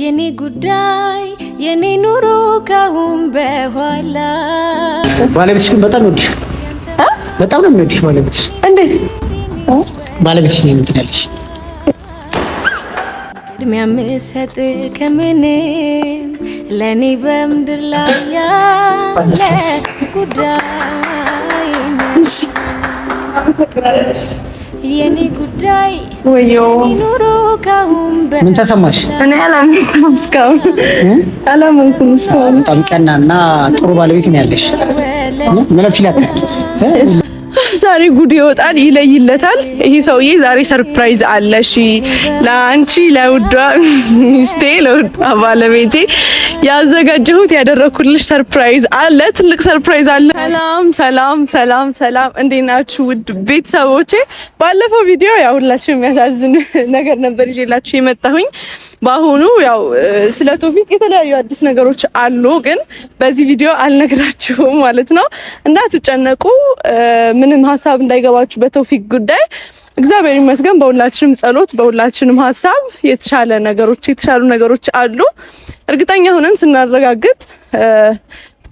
የኔ ጉዳይ የኔ ኑሮ ካሁን በኋላ። ባለቤትሽ ግን በጣም ወድሽ በጣም ነው የሚወድሽ ባለቤትሽ። እንዴት ባለቤትሽ ነው የምትናለሽ? ቅድሚያ ምሰጥ ከምንም ለእኔ በምድር ላይ ያለ ጉዳይ የኔ ጉዳይ ኑሮ ካሁን ምን ተሰማሽ? እኔ አላመንኩም እስካሁን አላመንኩም እስካሁን። በጣም ቀናና ጥሩ ባለቤት ነው ያለሽ። ምንም ፊል አታውቂም። ጉድ ይወጣል፣ ይለይለታል። ይሄ ሰውዬ ዛሬ ሰርፕራይዝ አለ። እሺ ለአንቺ ለውዷ ሚስቴ ለውዷ ባለቤቴ ያዘጋጀሁት ያደረኩልሽ ሰርፕራይዝ አለ፣ ትልቅ ሰርፕራይዝ አለ። ሰላም ሰላም ሰላም ሰላም፣ እንዴት ናችሁ ውድ ቤተሰቦቼ? ባለፈው ቪዲዮ ያው ሁላችሁ የሚያሳዝን ነገር ነበር ይዤላችሁ የመጣሁኝ በአሁኑ ያው ስለ ቶፊቅ የተለያዩ አዲስ ነገሮች አሉ፣ ግን በዚህ ቪዲዮ አልነግራችሁም ማለት ነው። እንዳትጨነቁ፣ ምንም ሀሳብ እንዳይገባችሁ በቶፊቅ ጉዳይ። እግዚአብሔር ይመስገን በሁላችንም ጸሎት፣ በሁላችንም ሀሳብ የተሻለ ነገሮች የተሻሉ ነገሮች አሉ። እርግጠኛ ሆነን ስናረጋግጥ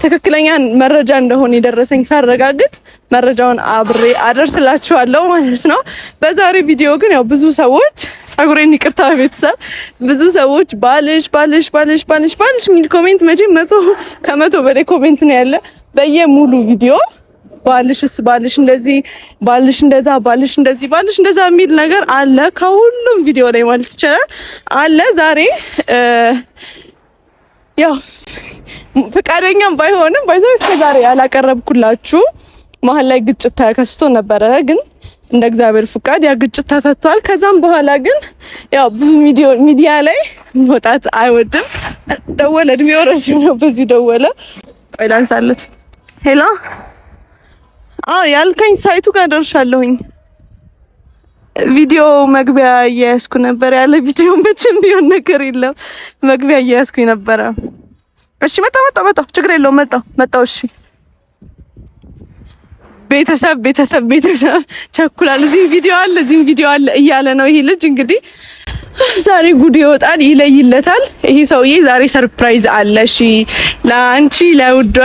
ትክክለኛ መረጃ እንደሆነ የደረሰኝ ሳረጋግጥ መረጃውን አብሬ አደርስላችኋለሁ ማለት ነው። በዛሬ ቪዲዮ ግን ያው ብዙ ሰዎች ጸጉሬን ይቅርታ ቤተሰብ። ብዙ ሰዎች ባልሽ ባልሽ ባልሽ ባልሽ ባልሽ የሚል ኮሜንት መቼም መቶ ከመቶ በላይ ኮሜንት ነው ያለ በየሙሉ ቪዲዮ ባልሽስ ባልሽ እንደዚህ ባልሽ እንደዛ ባልሽ እንደዚህ ባልሽ እንደዛ የሚል ነገር አለ። ከሁሉም ቪዲዮ ላይ ማለት ይቻላል አለ። ዛሬ ያው ፈቃደኛም ባይሆንም ባይዘው እስከ ዛሬ ያላቀረብኩላችሁ መሀል ላይ ግጭት ተከስቶ ነበረ ግን እንደ እግዚአብሔር ፍቃድ ያ ግጭት ተፈቷል። ከዛም በኋላ ግን ያው ብዙ ሚዲያ ላይ መውጣት አይወድም። ደወለ፣ እድሜው ረዥም ነው። በዚሁ ደወለ። ቆይ ላንሳለት። ሄሎ፣ አዎ ያልከኝ ሳይቱ ጋር ደርሻለሁኝ። ቪዲዮ መግቢያ እያያዝኩ ነበር ያለ ቪዲዮን ብቻም ቢሆን ነገር የለም መግቢያ እያያዝኩኝ ነበረ። እሺ፣ መጣ መጣ መጣ፣ ችግር የለውም መጣ መጣ። እሺ ቤተሰብ ቤተሰብ ቤተሰብ ቸኩላል። እዚህም ቪዲዮ አለ እዚህም ቪዲዮ አለ እያለ ነው ይሄ ልጅ እንግዲህ ዛሬ ጉድ ይወጣል፣ ይለይለታል። ይሄ ሰውዬ ዛሬ ሰርፕራይዝ አለ። እሺ ለአንቺ ለውዷ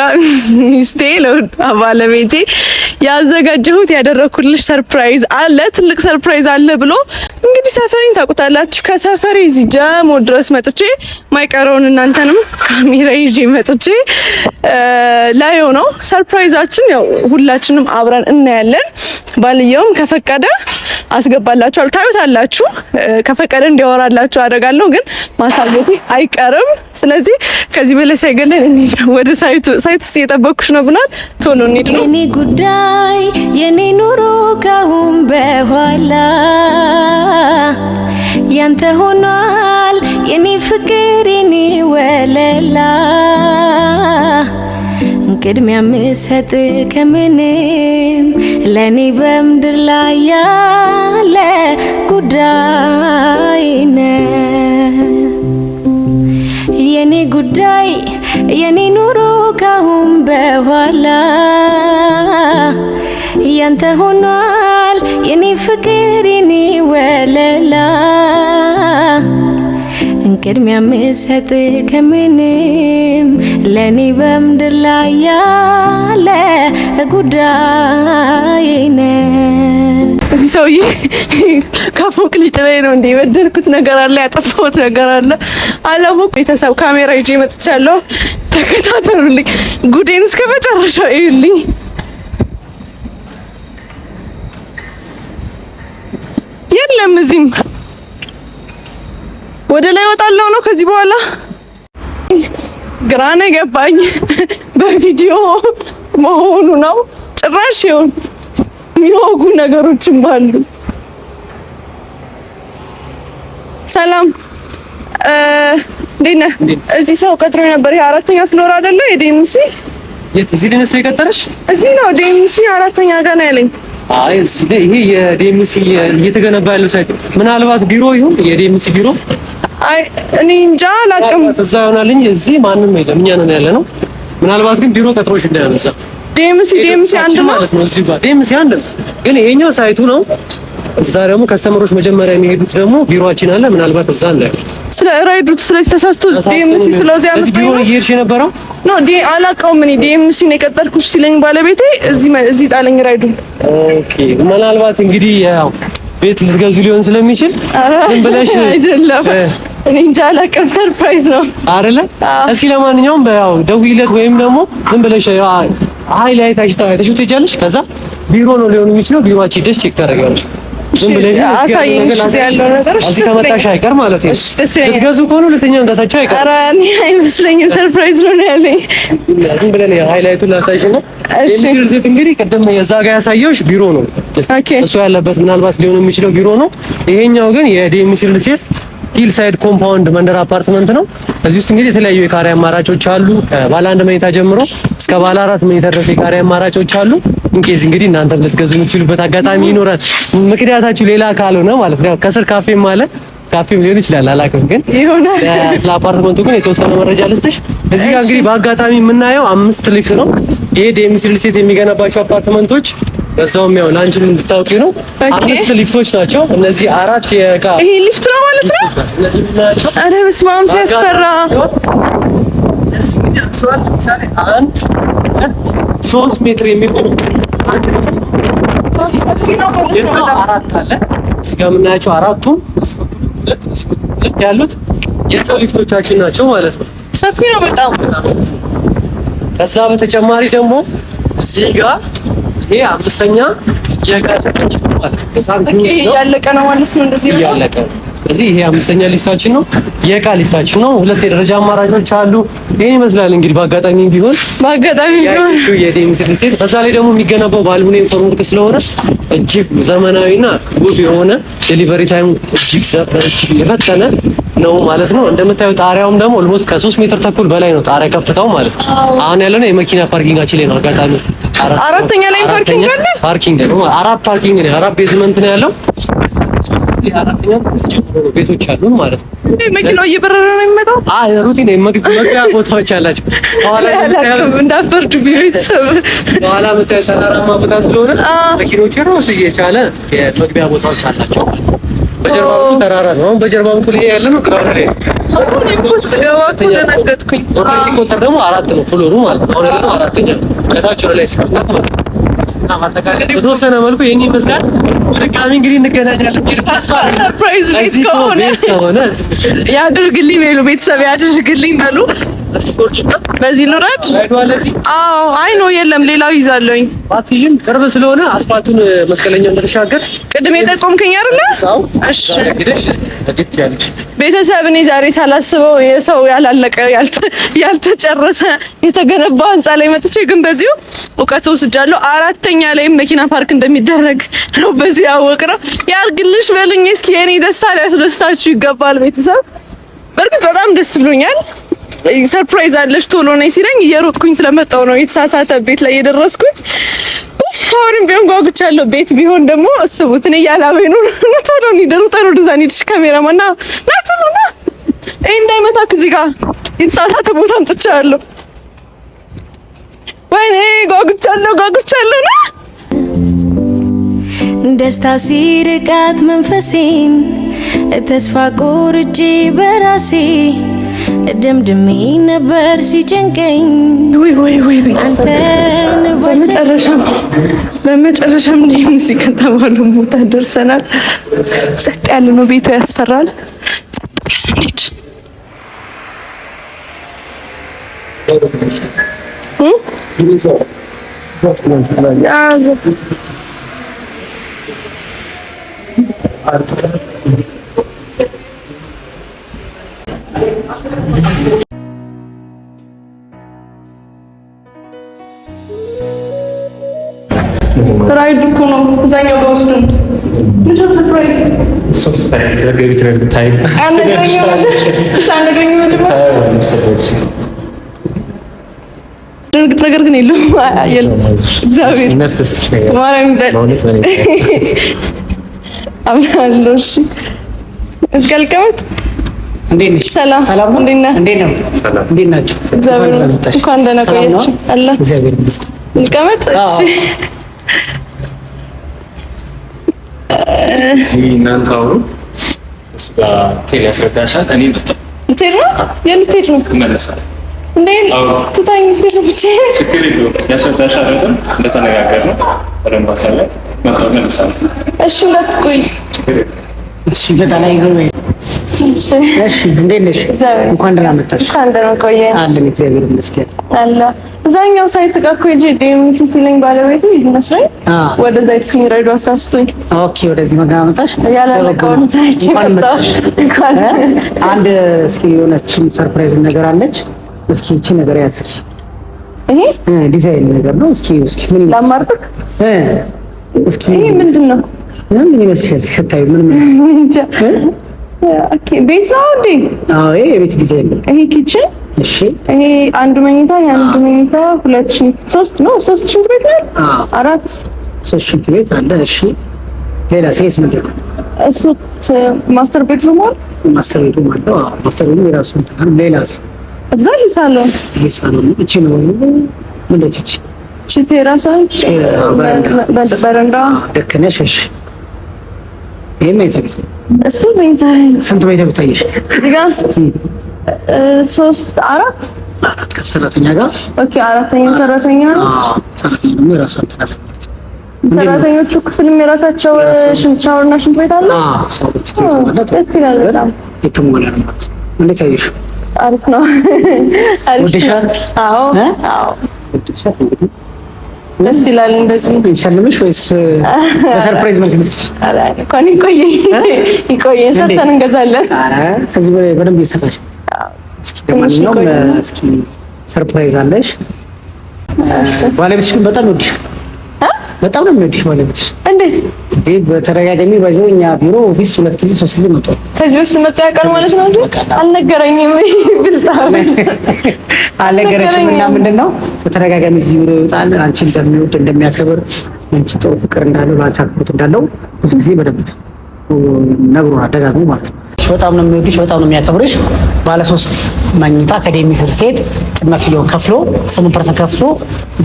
ሚስቴ ለውዷ ባለቤቴ ያዘጋጀሁት ያደረኩልሽ ሰርፕራይዝ አለ፣ ትልቅ ሰርፕራይዝ አለ ብሎ እንግዲህ ሰፈሬን ታውቁታላችሁ። ከሰፈሬ እዚህ ጀሞ ድረስ መጥቼ ማይቀረውን እናንተንም ካሜራ ይዤ መጥቼ ላይ ነው። ሰርፕራይዛችን ያው ሁላችንም አብረን እናያለን ባልየውም ከፈቀደ አስገባላችኋል። ታዩታላችሁ። ከፈቀደ እንዲያወራላችሁ አደርጋለሁ፣ ግን ማሳየቴ አይቀርም። ስለዚህ ከዚህ በላይ ሳይገለን እንሂድ። ወደ ሳይቱ ሳይት ውስጥ እየጠበኩሽ ነው ብናል። ቶሎ እንሂድ ነው የኔ ጉዳይ የኔ ኑሮ ካሁን በኋላ ያንተ ሆኗል የኔ ፍቅር የኔ ወለላ ቅድሚያ ምሰጥ ከምንም ለኔ በምድር ላይ ያለ ጉዳይ ነ የኔ ጉዳይ የኔ ኑሮ ካሁን በኋላ ያንተ ሆኗል የኔ ፍቅር የኔ ወለ ቅድሚያ ምሰጥ ከምንም ለኔ በምድር ላይ ያለ ጉዳይ ነ እዚህ ሰውዬ ከፎቅ ሊጥ ነው እንደ የበደልኩት ነገር አለ፣ ያጠፋሁት ነገር አለ። አላሙ ቤተሰብ ካሜራ ይዤ መጥቻለሁ። ተከታተሉልኝ፣ ጉዴን እስከ መጨረሻው እዩልኝ። የለም እዚህም ወደ ላይ ወጣለው ነው ከዚህ በኋላ ግራ ነው የገባኝ። በቪዲዮ መሆኑ ነው። ጭራሽ ይሁን የሚወጉ ነገሮችም አሉ። ሰላም እንዴት ነህ? እዚህ ሰው ቀጥሮ ነበር። ይሄ አራተኛ ፍሎር አይደለ? የዲኤምሲ የት? እዚህ ላይ ነው የቀጠረሽ? እዚህ ነው ዲኤምሲ አራተኛ ጋር ነው ያለኝ። አይ እዚህ ይሄ የዲኤምሲ እየተገነባ ያለው ሳይት ምናልባት ቢሮ ይሁን የዲኤምሲ ቢሮ አይ እኔ እንጃ አላውቅም። እዛ ይሆናል እንጂ እዚህ ማንም የለም፣ እኛ ነን ያለ ነው። ምናልባት ግን ቢሮ ቀጥሮሽ እንዳያነሳ ዴምሲ ዴምሲ አንድ ማለት ነው። እዚህ ጋር ዴምሲ አንድ ነው፣ ግን ይሄኛው ሳይቱ ነው። እዛ ደግሞ ከስተመሮች መጀመሪያ የሚሄዱት ደግሞ ቢሮአችን አለ። ምናልባት እዛ አለ ስለ ራይዱት ስለዚህ ተሳስቶ ዲኤምሲ ስለዚህ አመት ቢሮ እየሄድሽ የነበረው ኖ ዲ አላውቀውም። እኔ ዲኤምሲ ነው የቀጠርኩሽ ሲለኝ ባለቤቴ እዚህ እዚህ ጣለኝ ራይዱ። ኦኬ ምናልባት እንግዲህ ያው ቤት ልትገዙ ሊሆን ስለሚችል ዝም ብለሽ አይደለም እኔ እንጃ አላውቅም። ሰርፕራይዝ ነው አይደለ? እስኪ ለማንኛውም ያው ደውይለት ወይም ደግሞ ዝም ብለሽ አይ ላይ ትሄጃለሽ። ከዛ ቢሮ ነው ሊሆን የሚችለው ቢሮአችን ደስ ቼክ ታደርጊያለሽ። ዝም ብለሽ እዚህ ከመጣሽ አይቀር ማለት ነው። ልትገዙ ከሆነ ሁለተኛ አይቀር። ኧረ እኔ አይመስለኝም። ሰርፕራይዝ ነው ያለኝ። ዝም ብለን ሃይላይቱን ላሳይሽ ነው። እንግዲህ ቅድም የዛ ጋር ቢሮ ነው እሱ ያለበት ምናልባት ሊሆን የሚችለው ቢሮ ነው። ይሄኛው ግን ሂል ሳይድ ኮምፓውንድ መንደር አፓርትመንት ነው። እዚህ ውስጥ እንግዲህ የተለያዩ የካሬ አማራጮች አሉ። ከባለ አንድ መኝታ ጀምሮ እስከ ባለ አራት መኝታ ድረስ የካሬ አማራጮች አሉ። እንኬዝ እንግዲህ እናንተ ልትገዙ የምትችሉበት አጋጣሚ ይኖራል። ምክንያታችሁ ሌላ ካልሆነ ማለት ነው። ከስር ካፌም አለ ካፌም ሊሆን ይችላል አላውቅም፣ ግን ይሆናል። ስለ አፓርትመንቱ ግን የተወሰነ መረጃ ልስጥሽ። እዚህ ጋር እንግዲህ በአጋጣሚ የምናየው አምስት ሊፍት ነው። ይሄ ዴምስ ሪል ስቴት የሚገነባቸው አፓርትመንቶች በዛውም ያው አንቺም እንድታውቂ ነው። አምስት ሊፍቶች ናቸው እነዚህ አራት የዕቃ ይሄ ሊፍት ነው ማለት ነው። ኧረ በስመ አብ ሲያስፈራ። ሶስት ሜትር የሚቆም አንድ ሊፍት ነው። አራት አለ እዚህ ጋር የምናያቸው አራቱ ሁለት ያሉት የሰው ሊፍቶቻችን ናቸው ማለት ነው። ሰፊ ነው በጣም። ከዛ በተጨማሪ ደግሞ እዚህ ጋር ይሄ አምስተኛ የጋለቀች ማለት ነው። ማለት ነው። እንደዚህ ያለቀ ስለዚህ ይሄ አምስተኛ ሊስታችን ነው፣ የእቃ ሊስታችን ነው። ሁለት የደረጃ አማራጮች አሉ። ይሄን ይመስላል እንግዲህ በአጋጣሚ ቢሆን በአጋጣሚ ቢሆን እሺ፣ የዴምስ ሊስት በዛ ላይ ደግሞ የሚገነባው በአልሙኒየም ፎርምወርክ ስለሆነ እጅግ ዘመናዊና ውብ የሆነ ዴሊቨሪ ታይም እጅግ የፈጠነ ነው ማለት ነው። እንደምታዩ ጣሪያውም ደግሞ ኦልሞስት ከሶስት ሜትር ተኩል በላይ ነው ጣሪያ ከፍታው ማለት ነው። አሁን ነው የመኪና ፓርኪንጋችን ላይ ነው። አጋጣሚ አራተኛ ላይ ፓርኪንግ አለ። ፓርኪንግ ነው፣ አራት ፓርኪንግ ነው፣ አራት ቤዝመንት ነው ያለው። ቤቶች ማለት ነው። መኪናው እየበረረ ነው የሚመጣው? አይ ሩቲን መግቢያ ቦታዎች አላቸው። ቤተሰብ የምታየው ተራራማ ቦታ ስለሆነ መኪኖች ራሱ እየቻለ የመግቢያ ቦታዎች አላቸው ማለት ነው። በጀርባ በኩል ተራራ ነው። አሁን በጀርባ በኩል ይሄ ያለ ነው። ክራውድ ላይ አሁን ይቁስ ገባ ተነገጥኩኝ። ወርድ ሲቆጠር ደግሞ አራት ነው ፍሎሩ ማለት ነው። አሁን ያለ ነው አራተኛ ከታች ላይ ሲቆጠር ማለት ነው። በተወሰነ መልኩ ይሄን ይመስላል። ድጋሚ እንግዲህ እንገናኛለን። ቤት ከሆነ ያድርግልኝ በሉ ቤተሰብ ያድርግልኝ በሉ። በዚህ ልውረድ? አዎ። አይ ነው የለም፣ ሌላው ይዛለኝ። አትይዥም? ቅርብ ስለሆነ አስፋልቱን መስቀለኛ እንደተሻገር ቅድም የጠቆምከኝ አይደለ? እሺ። ቤተሰብ እኔ ዛሬ ሳላስበው የሰው ያላለቀ ያልተጨረሰ የተገነባ ህንጻ ላይ መጥቼ ግን በዚሁ እውቀት ወስጃለሁ። አራተኛ ላይም መኪና ፓርክ እንደሚደረግ ነው በዚህ ያወቅነው። ያርግልሽ በልኝ እስኪ። የኔ ደስታ ሊያስደስታችሁ ይገባል ቤተሰብ። በእርግጥ በጣም ደስ ብሎኛል። ሰርፕራይዝ አለሽ ቶሎ ነኝ ሲለኝ እየሮጥኩኝ ስለመጣው ነው የተሳሳተ ቤት ላይ የደረስኩት። አሁንም ቢሆን ጓጉቻለሁ። ቤት ቢሆን ደግሞ እስቡት። እኔ ያላበይኑ ቶሎ ነው ደሩጠሩ ዲዛይን ይድሽ ካሜራማና ና ቶሎ ና ይሄ እንዳይመታክ እዚህ ጋር የተሳሳተ ቦታ አምጥቻለሁ። ወይኔ ጓጉቻለሁ፣ ጓጉቻለሁ ና ደስታ ሲርቃት መንፈሴን ተስፋ ቆርጬ በራሴ ድምድሜ ነበር ሲጨንቀኝ ወይ ወይ ወይ ቤተሰብ በመጨረሻም በመጨረሻም እንዲህ ሙዚቃ ተባለው ቦታ ደርሰናል። ጸጥ ያለ ነው ቤቱ ያስፈራል። ጸጥ ብላለች። እ እጅ እኮ ነው እዛኛው ጋር ወስዱን። ምንድነው ሰርፕራይዝ? ድንግጥ ነገር ግን የለም። እናንተ አውሩ። እሱ ጋር ቴል ያስረዳሻል። እኔ መጣ ልትሄድ ነው የልትሄድ ነው እመለሳለሁ። እንዴ ትታኝ ልትሄድ ብቻ ችግር የለውም። ያስረዳሻል በደምብ እንደተነጋገርነው በደምብ አሳለፍ መጣሁ እመለሳለሁ። እሺ እንዳትቆይ እሺ በጣም አይዞህ እሺ እንዴት ነሽ? እንኳን ደህና መጣሽ። እንኳን ደህና ቆየን አለን። እግዚአብሔር ይመስገን አለ። እዛኛው ሳይት ጋር እኮ ሂጅ ዲኤምሲ ሲለኝ ባለቤቱ ይመስለኝ ወደ ዘይት ሲረዱ አሳስቶኝ፣ ኦኬ ወደዚህ መግባ መጣሽ ያላለቀውን ሳይት መጣሽ። አንድ እስኪ የሆነችም ሰርፕራይዝ ነገር አለች። እስኪ እቺ ነገር ያት እስኪ ይሄ ዲዛይን ነገር ነው። እስኪ እስኪ ምን ይመስል ላማርጥክ እስኪ ይሄ ምንድን ነው? ምን ይመስል ስታይ ምን ምን ቤት ነው እንዴ? አዎ፣ ይሄ የቤት ነው። ይሄ ኪችን። እሺ፣ ይሄ መኝታ፣ መኝታ ሁለት ሺህ ሶስት ነው። ሶስት ሽንት ቤት ነው። አራት ሶስት ሽንት ቤት አለ። እሺ፣ ሌላ ሴስ ምንድን ነው? እሱ ማስተር ቤድሩም አለ። ማስተር ቤድሩም አለ። ማስተር ቤድሩም የራሱ እንትን። ሌላስ? እዛ ይሄ ሳሎን፣ ይሄ ሳሎን እቺ ነው ምንድን እቺ እቺ በረንዳ እሺ፣ ይሄ ቤት ነው። እሱ ስንት ቤት ብታየሽ? እዚህ ጋር ሶስት አራት አራት ከሰራተኛ ጋር ኦኬ። አራተኛ ሰራተኛ ሰራተኛ ደግሞ የራሷን ተካፍላለች። ሰራተኞቹ ክፍልም የራሳቸው ሽንት ሻወር እና ሽንት ቤት አለ። ደስ ይላል። በጣም የተሟላ ነው ማለት ነው። እንዴት አየሽ? አሪፍ ነው። አሪፍ ነው። አዎ፣ አዎ። ደስ ይላል። እንደዚህ ይሸልምሽ ወይስ በሰርፕራይዝ መልክ ልስጥሽ? እንኳን ይቆየ ይቆየ ሰርተን እንገዛለን። ከዚህ በላይ በደንብ ይሰጣል። ለማንኛውም እስኪ ሰርፕራይዝ አለሽ። ባለቤትሽ ግን በጣም ይወድሻል በጣም ነው የሚወድሽ ባለቤትሽ። እንዴት እንዴ! በተደጋጋሚ ባይዘው እኛ ቢሮ ኦፊስ ሁለት ጊዜ ሶስት ጊዜ መጥቷል። ከዚህ በፊት መጥቶ ያውቃል ማለት ነው። አልነገረኝም። ብልጣ አልነገረሽም። እና ምንድን ነው በተደጋጋሚ እዚህ ቢሮ ይወጣል። አንቺ እንደሚወድ እንደሚያከብር፣ አንቺ ጥሩ ፍቅር እንዳለው፣ ባንቺ አክብሮት እንዳለው ብዙ ጊዜ በደንብ ነግሮናል፣ ደጋግሞ ማለት ነው በጣም ነው የሚወድሽ፣ በጣም ነው የሚያከብርሽ። ባለ ሶስት መኝታ ከዴሚስ ሪል እስቴት ቅድመ ክፍያውን ከፍሎ 8% ከፍሎ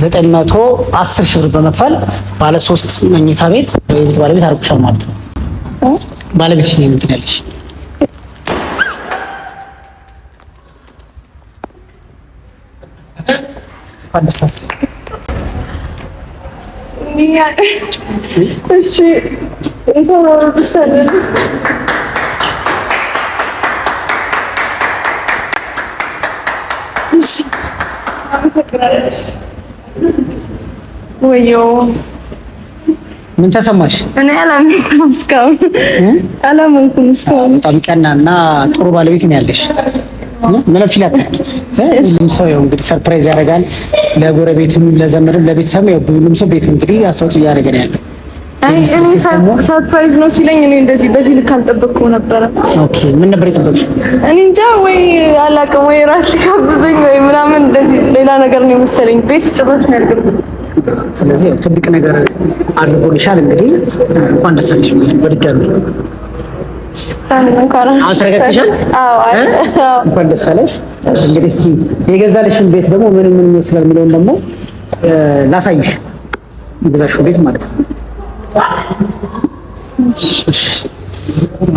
910 ሺህ ብር በመክፈል ባለ ሶስት መኝታ ቤት የቤት ባለቤት አድርጎሻል ማለት ነው። ባለቤት ነው እንትን ያለሽ እሺ ወዮ ምን ተሰማሽ? እኔ አላመንኩም እስካሁን አላመንኩም እስካሁን። በጣም ቀና እና ጥሩ ባለቤት ነው ያለሽ። ምንም ፊል አታውቂ። ሁሉም ሰው ያው እንግዲህ ሰርፕራይዝ ያደርጋል ለጎረቤትም፣ ለዘመድም፣ ለቤተሰብም ያው ሁሉም ሰው ቤት እንግዲህ አስተዋጽኦ እያደረገ ነው ያለው ሰርፕራይዝ ነው ሲለኝ እኔ እንደዚህ በዚህ ልክ አልጠበቅኩም ነበረ። ኦኬ ምን ነበር የጠበቅሽው? እኔ እንጃ ወይ አላውቅም፣ ወይ ራት ሊጋብዘኝ ወይ ምናምን እንደዚህ ሌላ ነገር ነው የመሰለኝ። ቤት ጭራሽ ነው ያልገባኝ። ስለዚህ ያው ትልቅ ነገር አድርጎልሻል። እንግዲህ እንኳን ደስ አለሽ በድጋሚ እንኳን ደስ አለሽ። እንግዲህ እስኪ የገዛልሽን ቤት ደግሞ ምን ምን ይመስላል የሚለውን ደግሞ ላሳይሽ፣ የገዛሽውን ቤት ማለት ነው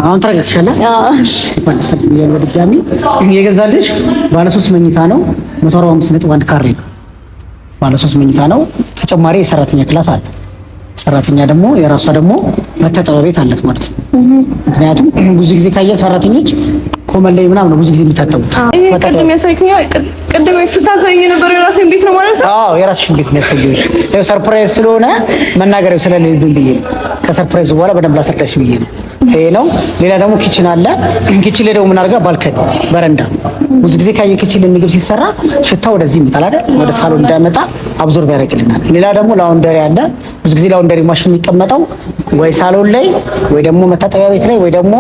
አሁን ተረጋግተሻል። በድጋሚ የገዛልሽ ባለሶስት መኝታ ነው። መቶ አርባ አምስት ነጥብ አንድ ካሬ ነው። ባለሶስት መኝታ ነው። ተጨማሪ የሰራተኛ ክላስ አለ። ሰራተኛ ደግሞ የራሷ ደግሞ መታጠቢያ ቤት አለት ማለት ነው። ምክንያቱም ብዙ ጊዜ ካየ ሰራተኞች ኮመለይ ላይ ምናምን ነው ብዙ ጊዜ የሚታጠቡት። ቅድም ያሳይከኝ ቅድም ስታሳይኝ ነበር የራሴን ቤት ነው ማለት ነው። አዎ የራስሽን ቤት ነው ያሳየሁሽ። ሰርፕራይዝ ስለሆነ መናገር ስለሌለብኝ ብዬ ነው። ከሰርፕራይዝ በኋላ በደንብ ላስረዳሽ ብዬ ነው። ይሄ ነው። ሌላ ደግሞ ኪችን አለ። ኪችን ላይ ደግሞ ምን አድርጋ ባልከኒ በረንዳ ብዙ ጊዜ ካየ ኪችን ምግብ ሲሰራ ሽታ ወደዚህ ይመጣል አይደል? ወደ ሳሎን እንዳይመጣ አብዞርብ ያደርግልናል። ሌላ ደግሞ ላውንደሪ አለ። ብዙ ጊዜ ላውንደሪ ማሽን የሚቀመጠው ወይ ሳሎን ላይ ወይ ደግሞ መታጠቢያ ቤት ላይ ወይ ደግሞ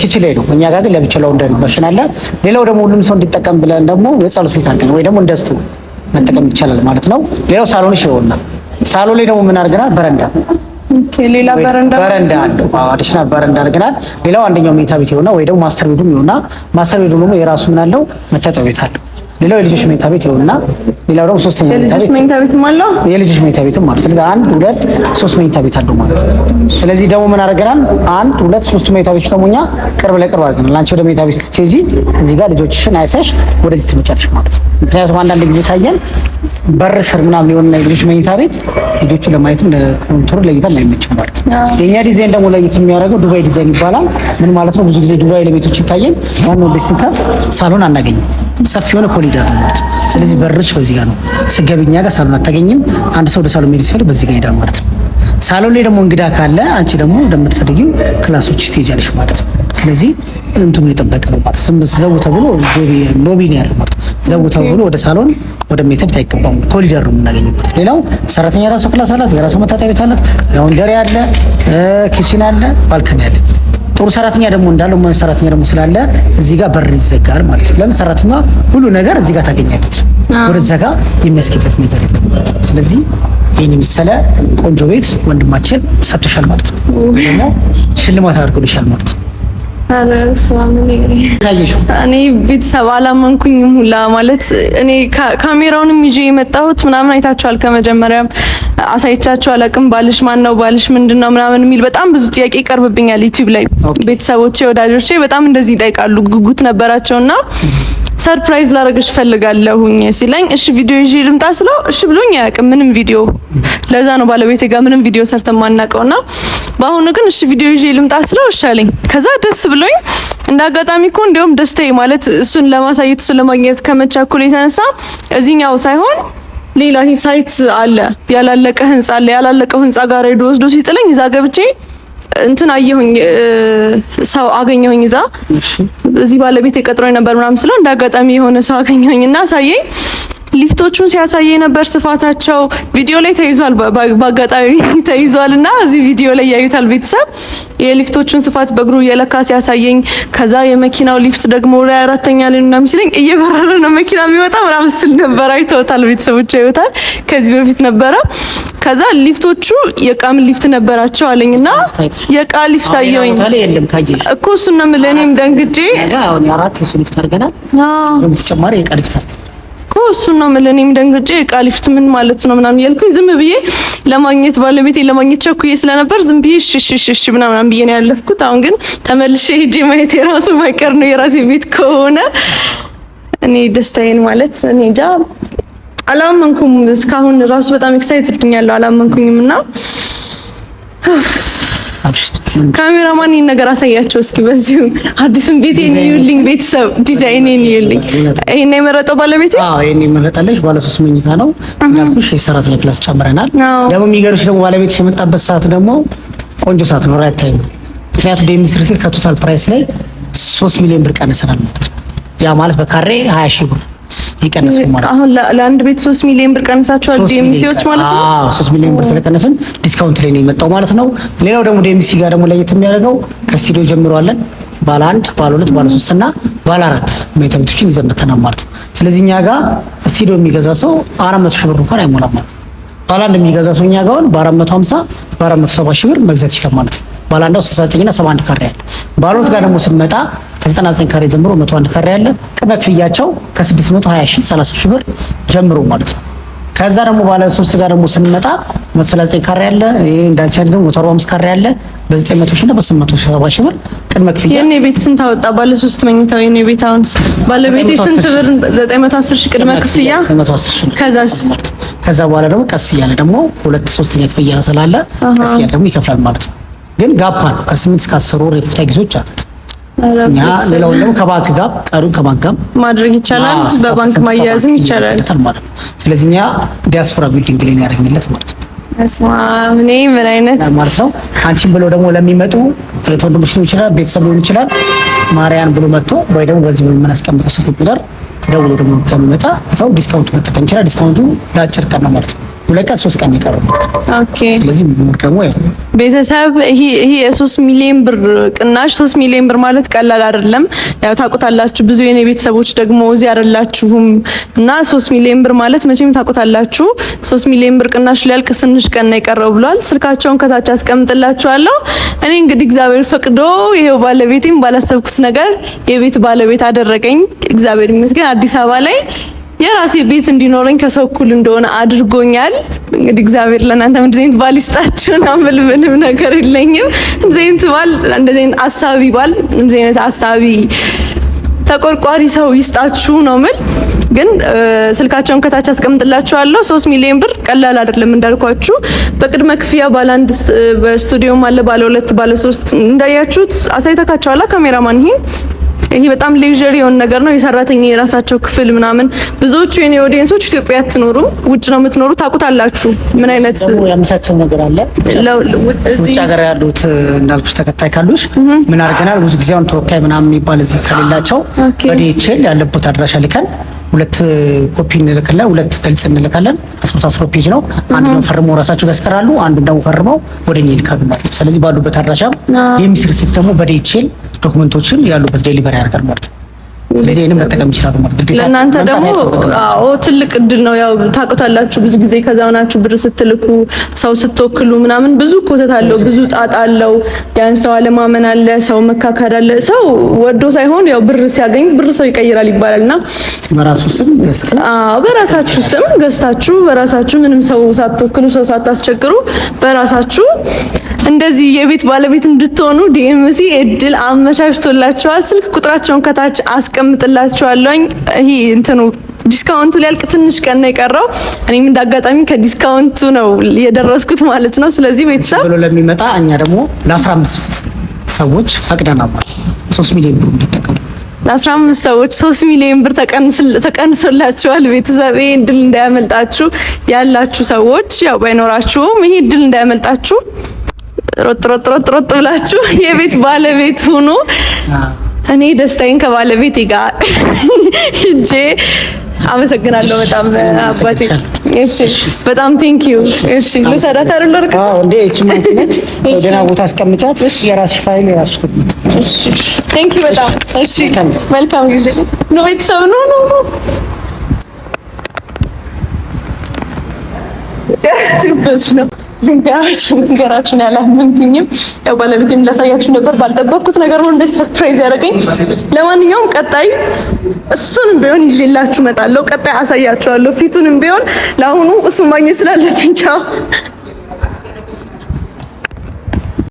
ኪችን ላይ ነው። እኛ ጋር ግን ለብቻ ላውንደሪ ማሽን አለ። ሌላው ደግሞ ሁሉም ሰው እንዲጠቀም ብለን ደግሞ የጸሎት ቤት አድርገን ወይ ደግሞ እንደስቱ መጠቀም ይቻላል ማለት ነው። ሌላው ሳሎን ይሆናል። ሳሎን ላይ ደግሞ ምን አድርገናል በረንዳ በረንዳ አለው። በረንዳ አድርገናል። ሌላው አንደኛው መኝታ ቤት የሆነ ወይ ደግሞ ማስተር ቤዱም የሆና ማስተር ቤዱ ደግሞ የራሱ ምን አለው መታጠቢያ ቤት አለው። ሌላው የልጆች መኝታ ቤት የሆና ሌላው ደግሞ ሶስተኛ የልጆች መኝታ ቤትም አለው። የልጆች መኝታ ቤትም አለው። ስለዚህ አንድ ሁለት ሶስት መኝታ ቤት አለው ማለት ነው። ስለዚህ ደግሞ ምን አድርገናል? አንድ ሁለት ሶስቱ መኝታ ቤቶች ደግሞ እኛ ቅርብ ለቅርብ አድርገናል። አንቺ ወደ መኝታ ቤት ስትሄጂ እዚህ ጋር ልጆችሽን አይተሽ ወደዚህ ትመጫለሽ ማለት ነው። ምክንያቱም አንዳንድ ጊዜ ካየን በር ስር ምናምን የሆነ የልጆች መኝታ ቤት ልጆቹን ለማየትም ለኮንትሮል ለእይታም አይመችም ማለት ነው። የእኛ ዲዛይን ደግሞ ለየት የሚያደርገው ዱባይ ዲዛይን ይባላል። ምን ማለት ነው? ብዙ ጊዜ ዱባይ ለቤቶች ይታየን ዋናው ቤት ስንከፍት ሳሎን አናገኝም። ሰፊ የሆነ ኮሊደር ነው ማለት ነው። ስለዚህ በርሽ በዚህ እዚህ ጋር ነው። ስትገቢ እኛ ጋር ሳሎን አታገኝም። አንድ ሰው ወደ ሳሎን መሄድ ሲፈልግ በዚህ ጋር ይሄዳል ማለት ነው። ሳሎን ላይ ደግሞ እንግዳ ካለ አንቺ ደግሞ ወደምትፈልጊው ክላሶች ትሄጃለሽ ማለት ነው። ስለዚህ እንትኑ የጠበቀ ነው ማለት ዘው ተብሎ ሎቢ ነው ያለው ማለት ዘው ተብሎ ወደ ሳሎን ወደ ሜትር አይገባም። ኮሊደር ነው የምናገኝበት። ሌላው ሰራተኛ የራሱ ክላስ አላት፣ የራሱ መታጠቢያ ቤት አላት፣ ላውንደሪ አለ፣ ኪችን አለ፣ ባልከኒ አለ። ጥሩ ሰራተኛ ደግሞ እንዳለው ሞኝ ሰራተኛ ደግሞ ስላለ እዚህ ጋር በር ይዘጋል ማለት ነው። ለምን ሰራተኛ ሁሉ ነገር እዚህ ጋር ታገኛለች፣ ወደዛ ጋር የሚያስኬዳት ነገር የለም። ስለዚህ ይህን የመሰለ ቆንጆ ቤት ወንድማችን ሰጥቶሻል ማለት ነው። ደግሞ ሽልማት አድርጎልሻል ማለት ነው። እኔ ቤተሰብ አላመንኩኝም ሁላ ማለት እኔ ካሜራውንም ይዤ የመጣሁት ምናምን አይታችኋል። ከመጀመሪያም አሳይቻችሁ አላቅም። ባልሽ ማን ነው? ባልሽ ምንድን ነው? ምናምን የሚል በጣም ብዙ ጥያቄ ይቀርብብኛል ዩቲዩብ ላይ። ቤተሰቦቼ፣ ወዳጆቼ በጣም እንደዚህ ይጠይቃሉ። ጉጉት ነበራቸውና ሰርፕራይዝ ላረግሽ ፈልጋለሁኝ ሲለኝ እሺ ቪዲዮ ይዤ ልምጣ ስለው እሺ ብሎኝ አያውቅም። ምንም ቪዲዮ ለዛ ነው ባለቤቴ ጋር ምንም ቪዲዮ ሰርተን ማናውቀውና በአሁኑ ግን እሺ ቪዲዮ ይዤ ልምጣ ስለው እሺ አለኝ። ከዛ ደስ ብሎኝ እንደ አጋጣሚ እኮ እንዲያውም ደስታዬ ማለት እሱን ለማሳየት እሱን ለማግኘት ከመቻኩል የተነሳ እዚህኛው ሳይሆን ሌላ ሳይት አለ ያላለቀ ህንጻ አለ ያላለቀው ህንጻ ጋር ሄዶ ወስዶ ሲጥለኝ እዛ ገብቼ እንትን አየሁኝ ሰው አገኘሁኝ እዛ እዚህ ባለቤት የቀጥሮኝ ነበር ምናምን ስለው እንዳጋጣሚ የሆነ ሰው እና ሳየኝ ሊፍቶቹን ሲያሳይ የነበር ስፋታቸው ቪዲዮ ላይ ተይዟል፣ በአጋጣሚ ተይዟል እና እዚህ ቪዲዮ ላይ ያዩታል ቤተሰብ። የሊፍቶቹን ስፋት በእግሩ እየለካ ሲያሳየኝ፣ ከዛ የመኪናው ሊፍት ደግሞ ላይ አራተኛ ላይ ምናምን ሲለኝ እየበረረ ነው መኪና የሚወጣ ምናምን ስል ነበር። አይተውታል ቤተሰቦች ያዩታል። ከዚህ በፊት ነበረ። ከዛ ሊፍቶቹ የቃም ሊፍት ነበራቸው አለኝ እና የቃ ሊፍት አየሁኝ እኮ እሱን ነው የምልህ። እኔም ደንግጬ አራት ሊፍት አድርገናል ተጨማሪ የቃ ሊፍት አድርገናል እኮ እሱን ነው የምልህ። እኔም ደንግጬ ቃሊፍት ምን ማለት ነው ምናምን እያልኩኝ ዝም ብዬ ለማግኘት ባለቤቴን ለማግኘት ቸኩዬ ስለነበር ዝም ብዬ ሽሽሽሽ ምናምን ብዬ ነው ያለፍኩት። አሁን ግን ተመልሼ ሄጄ ማየት የራሱ ማይቀር ነው የራሴ ቤት ከሆነ እኔ ደስታዬን ማለት እኔ እንጃ አላመንኩም። እስካሁን ራሱ በጣም ኤክሳይትድ ነኝ ያለው አላመንኩኝም እና ካሜራማን ይህን ነገር አሳያቸው እስኪ። በዚሁ አዲሱን ቤቴን ይዩልኝ፣ ቤተሰብ ዲዛይኔን ይዩልኝ። ይሄን የመረጠው ባለቤቴ? አዎ ይሄን የመረጠልሽ ባለ ሶስት መኝታ ነው ያልኩሽ የሰራተኛ ክላስ ጨምረናል። ደግሞ የሚገርምሽ ደግሞ ባለቤትሽ የመጣበት ሰዓት ደግሞ ቆንጆ ሰዓት ነው፣ ራይት ታይም ነው። ምክንያቱም ዴሚስ ሪል ከቶታል ፕራይስ ላይ ሶስት ሚሊዮን ብር ቀንሰናል ማለት ነው። ያ ማለት በካሬ ሀያ ሺህ ብር አሁን ለአንድ ቤት ሶስት ሚሊዮን ብር ቀንሳቸዋል። ዲኤምሲዎች ማለት ነው። ሶስት ሚሊዮን ብር ስለቀነስን ዲስካውንት ላይ ነው የመጣው ማለት ነው። ሌላው ደግሞ ዲኤምሲ ጋር ደግሞ ለየት የሚያደርገው ከስቱዲዮ ጀምሯለን። ባለ አንድ፣ ባለ ሁለት፣ ባለ ሶስት እና ባለ አራት መኝታ ቤቶችን ይዘን መተናል ማለት ነው። ስለዚህ እኛ ጋር ስቱዲዮ የሚገዛ ሰው አራት መቶ ሺህ ብር እንኳን አይሞላም ማለት ነው። ባለ አንድ የሚገዛ ሰው እኛ ጋር አሁን በአራት መቶ ሀምሳ በአራት መቶ ሰባ ሺህ ብር መግዛት ይችላል ማለት ነው። ባላንዳው 69 እና 71 ካሬ አለ። ባሎት ጋር ደግሞ ስንመጣ ከ99 ካሬ ጀምሮ 101 ካሬ አለ። ቅድመ ክፍያቸው ከ620 30 ሺህ ብር ጀምሮ ማለት ነው። ከዛ ደግሞ ባለ 3 ጋር ደግሞ ስንመጣ 139 ካሬ አለ። ይሄ እንዳንቻል ደግሞ 145 ካሬ አለ በ900 ሺህ እና በ870 ሺህ ብር ቅድመ ክፍያ። የኔ ቤት ስንት አወጣ? ባለ 3 መኝታው የኔ ቤት አሁን ባለቤቴ ስንት ብር? 910 ሺህ ቅድመ ክፍያ። 910 ሺህ ከዛ በኋላ ደግሞ ቀስ እያለ ደግሞ ሁለት ሶስተኛ ክፍያ ስላለ ቀስ እያለ ደግሞ ይከፍላል ማለት ነው። ግን ጋፕ አለው። ከስምንት እስከ አስር ወር የፎታ ጊዜዎች አሉት። እኛ ሌላው ደግሞ ከባንክ ጋር ቀሩን ከባንክ ጋር ማድረግ ይቻላል። በባንክ ማያያዝም ይቻላል ማለት ነው። ስለዚህ እኛ ዲያስፖራ ቢልዲንግ ላይ ያደረግንለት ማለት ነው። እኔ ምን አይነት ማለት ነው። አንቺን ብሎ ደግሞ ለሚመጡ ወንድሞች ሊሆን ይችላል፣ ቤተሰብ ሊሆን ይችላል። ማርያን ብሎ መጥቶ ወይ ደግሞ በዚህ የምናስቀምጠው ስልክ ቁጥር ደውሎ ደግሞ ከሚመጣ ሰው ዲስካውንቱ መጠቀም ይችላል። ዲስካውንቱ ለአጭር ቀን ነው ማለት ነው። ሁለት ቀን ሶስት ቀን የቀረበት። ኦኬ። ስለዚህ ደግሞ ቤተሰብ ይሄ ይሄ የሶስት ሚሊዮን ብር ቅናሽ ሶስት ሚሊዮን ብር ማለት ቀላል አይደለም። ያው ታውቁታላችሁ፣ ብዙ የኔ ቤተሰቦች ደግሞ እዚህ አይደላችሁም እና ሶስት ሚሊዮን ብር ማለት መቼም ታውቁታላችሁ። ሶስት ሚሊዮን ብር ቅናሽ ሊያልቅ ስንሽ ቀን ነው የቀረው ብሏል። ስልካቸውን ከታች አስቀምጥላችኋለሁ። እኔ እንግዲህ እግዚአብሔር ፈቅዶ ይሄው ባለቤቴም ባላሰብኩት ነገር የቤት ባለቤት አደረገኝ። እግዚአብሔር ይመስገን አዲስ አበባ ላይ የራሴ ቤት እንዲኖረኝ ከሰው እኩል እንደሆነ አድርጎኛል። እንግዲህ እግዚአብሔር ለእናንተ እንደዚህ አይነት ባል ይስጣችሁ ነው ምንም ነገር የለኝም። እንደዚህ ባል፣ እንደዚህ አይነት አሳቢ ባል፣ እንደዚህ አይነት አሳቢ ተቆርቋሪ ሰው ይስጣችሁ ነው ምል። ግን ስልካቸውን ከታች አስቀምጥላችኋለሁ። ሶስት ሚሊዮን ብር ቀላል አይደለም እንዳልኳችሁ፣ በቅድመ ክፍያ ባለ አንድ ስቱዲዮም አለ፣ ባለ ሁለት፣ ባለ ሶስት እንዳያችሁት አሳይተካቸኋላ ካሜራማን ይሄ ይሄ በጣም ሌጀሪ የሆነ ነገር ነው። የሰራተኛ የራሳቸው ክፍል ምናምን። ብዙዎቹ የኔ ኦዲየንሶች ኢትዮጵያ አትኖሩ፣ ውጭ ነው የምትኖሩ። ታውቁታላችሁ ምን አይነት ያመቻቸው ነገር አለ። ውጭ ሀገር ያሉት እንዳልኩሽ ተከታይ ካሉሽ ምን አድርገናል ብዙ ጊዜ አሁን ተወካይ ምናምን የሚባል እዚህ ከሌላቸው ወደ ያለበት አድራሻ ልከን ሁለት ኮፒ እንልክና ሁለት ገልጽ እንልካለን። አስፖርት አስሮ ፔጅ ነው። አንዱ አንዱን ፈርሞ ራሳቸው ያስቀራሉ፣ አንዱ ደግሞ ፈርመው ወደኛ ይልካሉ ማለት ነው። ስለዚህ ባሉበት አድራሻ የሚስር ስት ደግሞ በዴችል ዶክመንቶችን ያሉበት ዴሊቨሪ ያደርጋል ማለት ስለዚህ ይሄንን መጠቀም ይችላሉ ማለት ነው። ለእናንተ ደግሞ አዎ ትልቅ እድል ነው። ያው ታውቁታላችሁ፣ ብዙ ጊዜ ከዛው ናችሁ ብር ስትልኩ ሰው ስትወክሉ ምናምን ብዙ ኮተት አለው፣ ብዙ ጣጣ አለው። ያን ሰው አለማመን አለ፣ ሰው መካካድ አለ። ሰው ወዶ ሳይሆን ያው ብር ሲያገኝ ብር ሰው ይቀይራል ይባላል እና በራሱ ስም ገዝተህ በራሳችሁ ስም ገዝታችሁ በራሳችሁ ምንም ሰው ሳትወክሉ ሰው ሳታስቸግሩ በራሳችሁ እንደዚህ የቤት ባለቤት እንድትሆኑ ዲኤምሲ እድል አመቻችቶላችኋል። ስልክ ቁጥራቸውን ከታች አስቀምጥላችኋለኝ። ይሄ እንትኑ ዲስካውንቱ ሊያልቅ ትንሽ ቀን ነው የቀረው። እኔም እንዳጋጣሚ ከዲስካውንቱ ነው የደረስኩት ማለት ነው። ስለዚህ ቤተሰብ ብሎ ለሚመጣ እኛ ደግሞ ለ15 ሰዎች ፈቅደናል 3 ሚሊዮን ብር እንዲጠቀሙ ለአስራ አምስት ሰዎች ሶስት ሚሊዮን ብር ተቀንሶላችኋል። ቤተሰብ ይሄ እድል እንዳያመልጣችሁ። ያላችሁ ሰዎች ያው ባይኖራችሁም ይሄ እድል እንዳያመልጣችሁ ሮጥ ሮጥ ሮጥ ሮጥ ብላችሁ የቤት ባለቤት ሁኑ። እኔ ደስታዬን ከባለቤቴ ጋር ሂጄ አመሰግናለሁ በጣም አባቴ። እሺ በጣም ቴንክ ዩ። እሺ ልሰዳት አይደል? ወርቅ አዎ፣ እንዴ እቺ ማለት ነች። ደህና ቦታ አስቀምጫት። እሺ የራስሽ ፋይል የራስሽ ትብት። እሺ ቴንክ ዩ በጣም እሺ። መልካም ጊዜ ነው ቤተሰብ። ኑ ኑ ኑ ነው ልንገራች ልንገራችን ያላመንኩኝም ያው ባለቤቴም ላሳያችሁ ነበር። ባልጠበቅኩት ነገር ነው እንደዚህ ሰርፕራይዝ ያደረገኝ። ለማንኛውም ቀጣይ እሱንም ቢሆን ይዤላችሁ እመጣለሁ። ቀጣይ አሳያችኋለሁ ፊቱንም ቢሆን። ለአሁኑ እሱን ማግኘት ስላለብኝ ቻው።